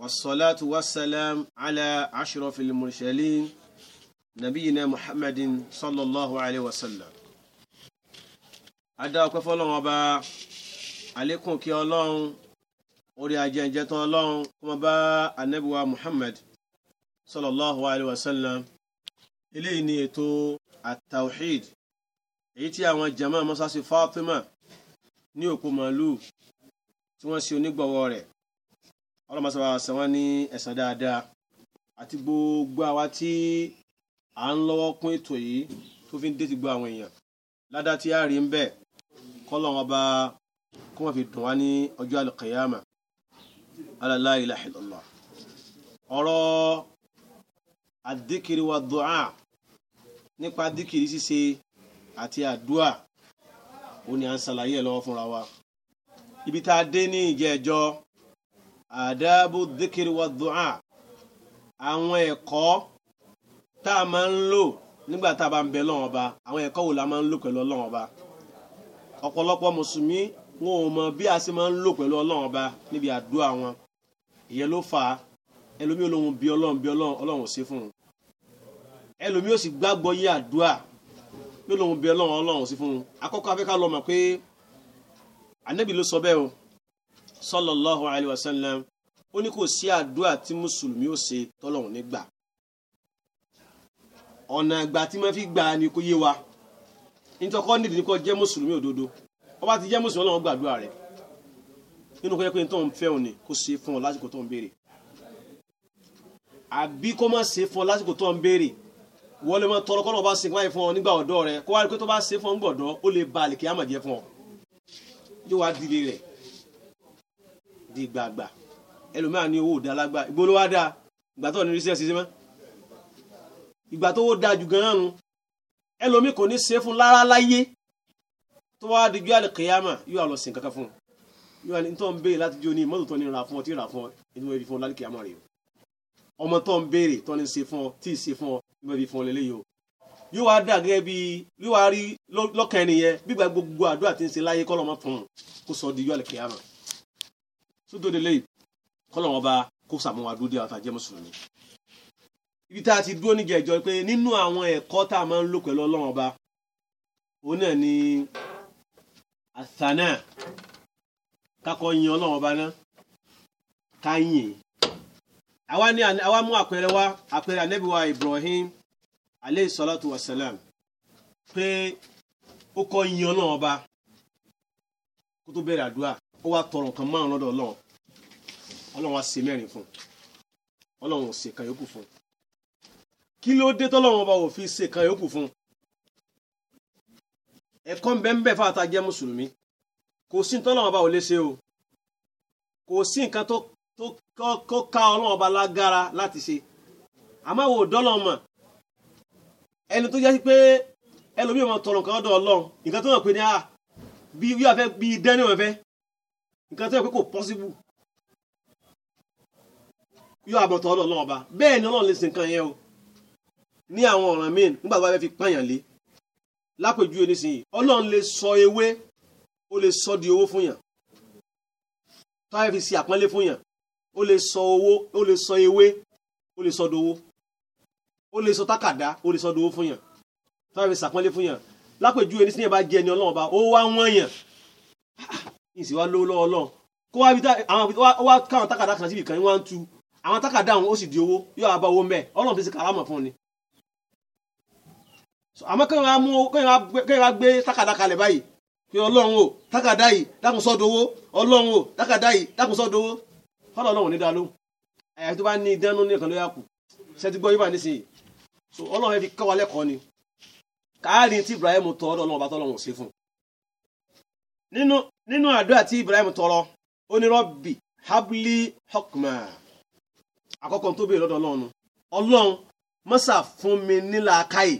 والصلاة والسلام على أشرف المرسلين نبينا محمد صلى الله عليه وسلم adá ọpẹ́ fọ́lọ́run ọba àlékún kí Ọlọ́run orí ajẹjẹ tán Ọlọ́run kó máa bá anabiwa Muhammad sallallahu alayhi wa sallam eléyìí ni ètò at-tawhid èyí tí àwọn jama mọ́sáàsì Fatima ní òpó màálù tí wọ́n ṣe onígbọ̀wọ́ rẹ̀ ọlọ́mọsọ̀rọ̀ àṣà wọn ní ẹ̀san dáadáa àti gbogbo àwa tí à ń lọ́wọ́ kún ètò yìí tó fi ń dé ti gbọ́ àwọn èèyàn ládàá tí a rí ń bẹ̀ kọ́lọ̀ wọn bá kó wọn fi dùn wá ní ọjọ́ àlùkìyàmà alàlá ilaha illallah ọ̀rọ̀ wa du'a nípa àdìkiri ṣíṣe àti àdúà ó à ń ṣàlàyé ẹ̀ lọ́wọ́ fúnra wa ibi tá a dé ní ìjẹ́ ẹjọ́ àdábò dhikri wa du'a àwọn ẹ̀kọ́ tá a máa ń lò nígbà tá a bá ń bẹ lọ́wọ́n ọba àwọn ẹ̀kọ́ wo la máa ń lò pẹ̀lú ọlọ́wọ́n ọba ọ̀pọ̀lọpọ̀ mùsùlùmí wọn ò mọ bí a ṣe máa ń lò pẹ̀lú ọlọ́wọ́n ọba níbi àdúrà wọn ìyẹn ló fà á ẹlòmíì olóhùn bí ọlọ́run bí ọlọ́run ṣe fún un ẹlòmíì ò sì gbàgbọ́ yí àdúrà bí olóhùn bí ọlọ́run ọlọ́run ṣe fún un akọ́kọ́ afẹ́ká lọ mọ̀ pé ànábì ló sọ bẹ́ẹ̀ o sallallahu alayhi wa sallam ó ní kò sí àdúrà tí mùsùlùmí ó ṣe tọ́lọ́hún nígbà ọ̀nà ìgbà tí wọ́n fi gbà ni kò yé wa nítọ́kọ́ nídìí ní kò jẹ́ mùsùlùmí òdodo ó bá ti jẹ́ mùsùlùmí ọlọ́run gbàdúrà rẹ̀ nínú kọ́ yẹ pé tó ń fẹ́ òní kó ṣe fún ọ lásìkò tó ń béèrè àbí kó má ṣe fún ọ lásìkò tó ń béèrè wọ́n mọ tọrọ kọ́ bá ṣe ba àlèkè àmàjẹ fún ọ yóò wá dìde di gbàgbà ẹlòmíà ní owó òdà lágbà ìgbó ló wá dáa ìgbà tó ní ríṣẹ́ ṣiṣẹ́ mọ́ ìgbà tó wó dáa jù gan-an nu ẹlòmíì kò ní ṣe fún lára láyé tó wá di ju àlùkìyàmà yóò lọ sìn kankan fún un yóò wá ní tó ń béèrè láti jó ní mọ́tò tó ní ra fún ọ tí ra fún ọ ẹni wọ́n fi fún ọ lálùkìyàmà rẹ o ọmọ tó ń béèrè tó ní ṣe fún ọ tí ì ṣe fún ọ ẹni wọ́n fi fún ọ lélẹ́yìí o yóò wá dà gẹ́gẹ́ bí yóò wá rí lọ́kàn ẹni yẹn bí gbogbo àdúrà ti ń ṣe láyé kọ́ fún un kó sọ di ju àlùkìyàmà sódòdè lẹ́yìn kọ́lọ̀ ọba kó sàmúwá dúró dé àwọn àtàjẹ́ mùsùlùmí ibi tá a ti dúró níjà ìjọ pé nínú àwọn ẹ̀kọ́ tá a máa ń lò pẹ̀lú ọlọ́run ọba òun náà ni àsánà kakọ yin ọlọ́run ọba náà ká yìn àwa ní àwa mú àpẹẹrẹ wa àpẹẹrẹ ànábì Ibrahim aleyhi salatu wa salam pé ó kọ́ yin ọlọ́run ọba kó tó bẹ̀rẹ̀ àdúrà ó wá tọrọ ma márùn lọ́dọ̀ ọlọ́run ọlọ́run wá ṣe mẹ́rin fún un ọlọ́run ò ṣe kan yòókù fún un kí fi se kan fun fún un ẹ̀kọ́ ńbẹ́ńbẹ́ fáta jẹ́ kò sí tọ́lọ́run ọba ò o kò sí nǹkan tó tó ká ọlọ́run ọba lágara láti ṣe wo dọ́lọ́ elu ẹni tó pé tọrọ nǹkan ọ̀dọ̀ ọlọ́run nǹkan tó pé ah, a bí wíwá bí wọn nǹkan tó yẹ pé kò pọ́síbù yóò àbọ̀tọ̀ ọ̀dọ̀ ọlọ́run ọba bẹ́ẹ̀ ni ọlọ́run lè sin nǹkan yẹn o ní àwọn ọ̀ràn míì nígbà tó bá fẹ́ fi pààyàn lé lápèjúwe nísìnyí ọlọ́run lè sọ ewé ó lè sọ di owó fún yàn tó bá fẹ́ fi ṣe àpọ́nlé fún yàn ó lè sọ owó ó lè sọ ewé ó lè sọ dowó ó lè sọ tákàdá ó lè sọ dowó fún yàn tó bá fẹ́ fi ṣàpọ́nlé fún yàn lápèjúwe nísìnyí bá jẹ ẹni ọlọ́run ọba ó wá wọ́n yàn ìsì wa lówó lọ́wọ́ lọ́n kó wá bí àwọn wá káwọn tákàdá kan síbi kan ní wá ń tu àwọn tákàdá òun ó sì di owó yóò wá bá owó mẹ́ ọlọ́run fi ṣe kàrámọ̀ fún ni. àmọ́ kéèyàn wá mú kéèyàn wá gbé tákàdá kalẹ̀ báyìí pé ọlọ́run o tákàdá yìí dákun sọ́dọ̀ owó ọlọ́run o tákàdá yìí dákun sọ́dọ̀ owó kọ́lọ̀ ọlọ́run ní dá lóhùn àyàfi tó bá ní ìdánú ní ìkànnì yàkù ṣẹ́tí gbọ́ yíba nísìnyí so ọlọ́run fi kọ́ wa lẹ́kọ̀ọ́ ni káàrin tí Ibrahim tọ́ ọdọ̀ ọlọ́run ọba tọ́lọ́run ò ṣe fún un nínú nínú àdúrà tí Ibrahim tọrọ ó ní rọ́bì habli hokma àkọ́kọ́ tó béèrè lọ́dọ̀ ọlọ́run ọlọ́run mọ́sà fún mi nílà káyì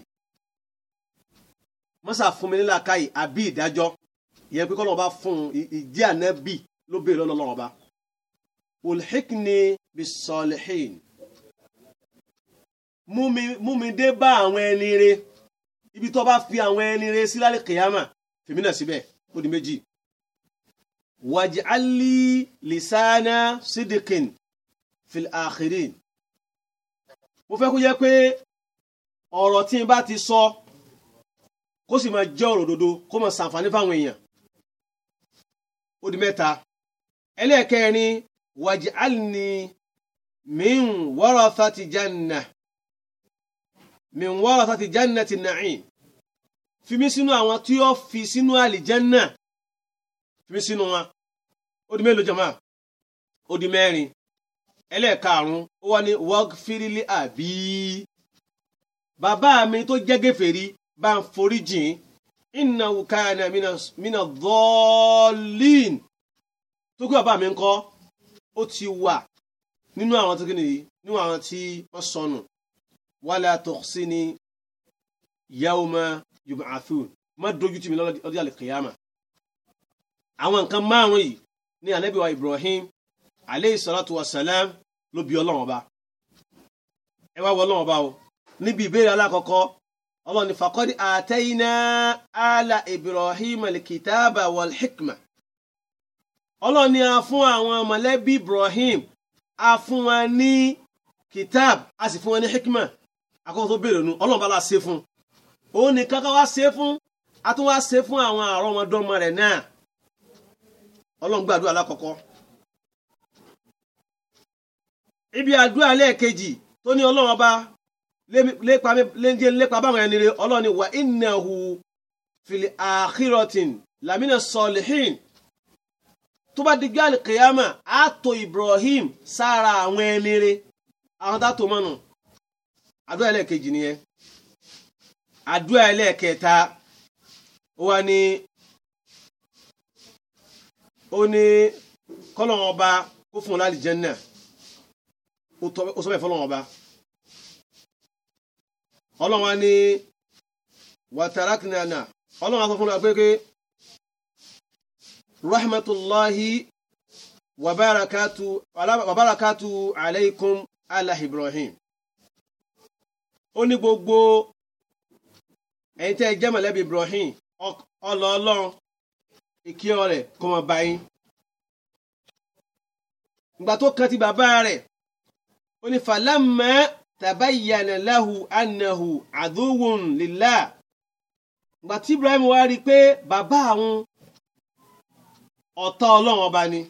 mọ́sà fún mi nílà káyì àbí ìdájọ́ ìyẹn pé kọ́lọ́ọ̀bá fún ìdí ànábì ló béèrè lọ́dọ̀ ọlọ́run ọba ulhikni bisalihin mú mi dé bá àwọn ẹni re ibi tó bá fi àwọn ẹni re sí lálẹ́ kìyàmà fèmí síbẹ̀ ó di méjì wàjálì lìsánà sídìkìn fil àkìrín mo fẹ́ kó yẹ pé ọ̀rọ̀ tí n bá ti sọ kó sì máa jẹ́ ọ̀rọ̀ òdodo kó máa ṣàǹfààní fáwọn èèyàn ó di mẹ́ta ẹlẹ́ẹ̀kẹrin wàjálì min warathati janna min warathati jannati na'im fi mí sínú àwọn tí ó fi sínú àlìjẹ́nà fi mí sínú wọn ó di mélòó jọmọ́ ó di mẹ́rin ẹlẹ́ẹ̀karùn-ún ó wá ní wọ́ọ̀kì fírílì àbí bàbá mi tó jẹ́ gèfèrí bá ń foríjìn iná wùkánà mina dọ́ọ̀lìn tó kí bàbá mi ń kọ́ ó ti wà nínú àwọn tó kíni yìí nínú àwọn tí wọ́n sọnù wàlá tọ́sí ni yawma yubathun má dojú tì mí lọ́jọ́ àlìkìyàmà àwọn nǹkan márùn yìí ní anabi wa ibrahim aleyhi salatu wa salam ló bí ọlọ́run ọba ẹ wá wọ ọlọ́run ọba o níbi ìbéèrè alákọ̀ọ́kọ́ ọlọ́run ní fakọ́dí àtẹ́yìnà àlà ibrahim alikitaba wal hikma ọlọ́run ní a fún àwọn mọ̀lẹ́bí ibrahim a fún wọn ní kitab a sì fún wọn ní hikma akọ́kọ́ tó béèrè nu ọlọ́run bá la ṣe fún un òun nìkan ká wá ṣe fún a tún wá ṣe fún àwọn àrọ́mọdọ́mọ rẹ̀ náà gbàdúrà ibi àdúrà lẹ́ẹ̀kejì tó ní ọlọ́run ọba léńjẹ́ lépa báwọn ẹni rẹ̀ ọlọ́run ni wà lamina salihin tó bá digbá Ibrahim sára àwọn ẹni rẹ̀ àwọn tá a àdúrà àdúrà ẹlẹ́ẹ̀kẹta ó wá ó ní kọ́lọ́wọ́n kó fún un lálìjánnà ó sọ bẹ́ẹ̀ fọ́lọ́wọ́n ọba rahmatulahi wabarakatu wabarakatu alaykum ibrahim ó gbogbo ẹ̀yin tẹ́ ẹ jẹ́ mọ̀lẹ́bí Ibrahim ọlọ Ọlọ́run ìkí ọ̀rẹ́ kó mọ bá yín ìgbà tó kan ti bàbá rẹ̀ ó ní falamma tabayyana lahu annahu aduwwun lillah ìgbà tí Ibrahim wá rí i pé bàbá àwọn ọ̀tá Ọlọ́run ọba ni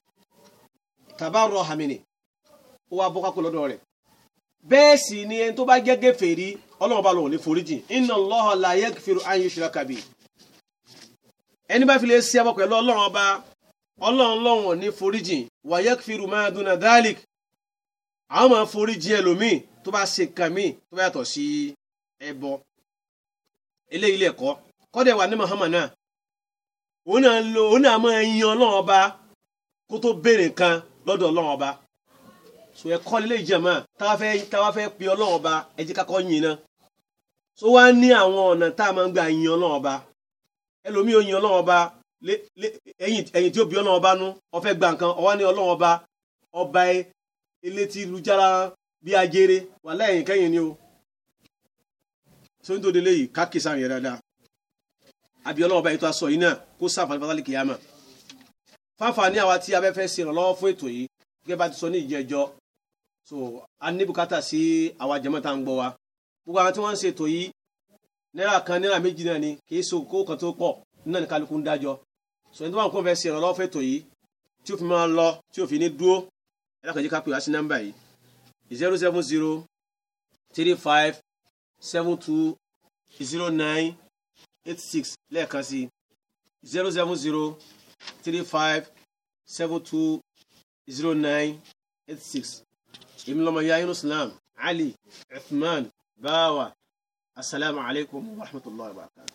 tabarraha minhu ó wá bọ́ kákó lọ́dọ̀ rẹ̀ bẹ́ẹ̀ sì ni ẹni tó bá jẹ́ gèfèrí ọlọ́run bá lòun ní foríjì iná Allaha la yaghfiru an ẹni bá fi lè ṣe ẹbọ pẹ̀lú ọlọ́run ọba ọlọ́run ní foríjì wa àwọn máa foríjì ẹlòmíì tó bá ṣe tó bá yàtọ̀ sí ẹbọ eléyìí lẹ̀kọ́ kọ́dẹ̀ wà ní Muhammad náà òun náà lo òun náà máa yan ọlọ́run ọba kó tó béèrè tó wá ní àwọn ọ̀nà tá a máa ń gba ọba ẹlòmíì ò yin ọlọ́run ọba ẹ̀yìn tí ó bí ọba nú ó gba nǹkan ní ọba ọba e, elétí lujara bí ajere wà lẹ́yìn kẹ́yìn ni o sóyún tó délé yìí káàkiri sáà yẹn dáadáa àbí ọlọ́run ọba ètò sọ yìí náà kó kìyàmà àwa tí ìrànlọ́wọ́ fún ètò yìí gẹ́gẹ́ bá ti sọ ní ìjẹ́jọ́ so a ní bùkátà sí àwa jẹ́mọ́ta ń gbọ́ wa gbogbo àwọn tí wọ́n ń ṣètò yìí náírà kan náírà méjì náà ni kì í so kó kan tó pọ̀ náà ni kálukú ń dájọ́ sọ ní tó bá ń kó fẹ́ ṣe ìrànlọ́wọ́ fẹ́ tò yìí tí ó fi máa lọ tí ó ní dúró ẹ lákàtí ká pè wá sí nọ́mbà yìí zero seven zero three five seven two zero nine eight six lẹ́ẹ̀kan sí zero seven zero three five seven two zero nine eight six èmi lọ́mọ ya Yunus Islam Ali Uthman باوا السلام عليكم ورحمه الله وبركاته